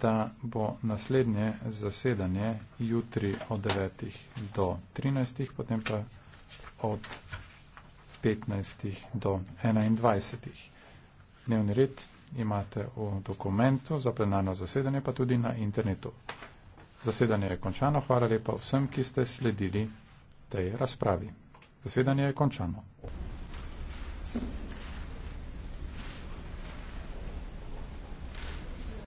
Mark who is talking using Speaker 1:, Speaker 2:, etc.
Speaker 1: da bo naslednje zasedanje jutri od 9. do 13. potem pa od 15. do 21. Dnevni red imate v dokumentu za plenarno zasedanje, pa tudi na internetu. Zasedanje je končano. Hvala lepa vsem, ki ste sledili tej razpravi. Zasedanje je končano.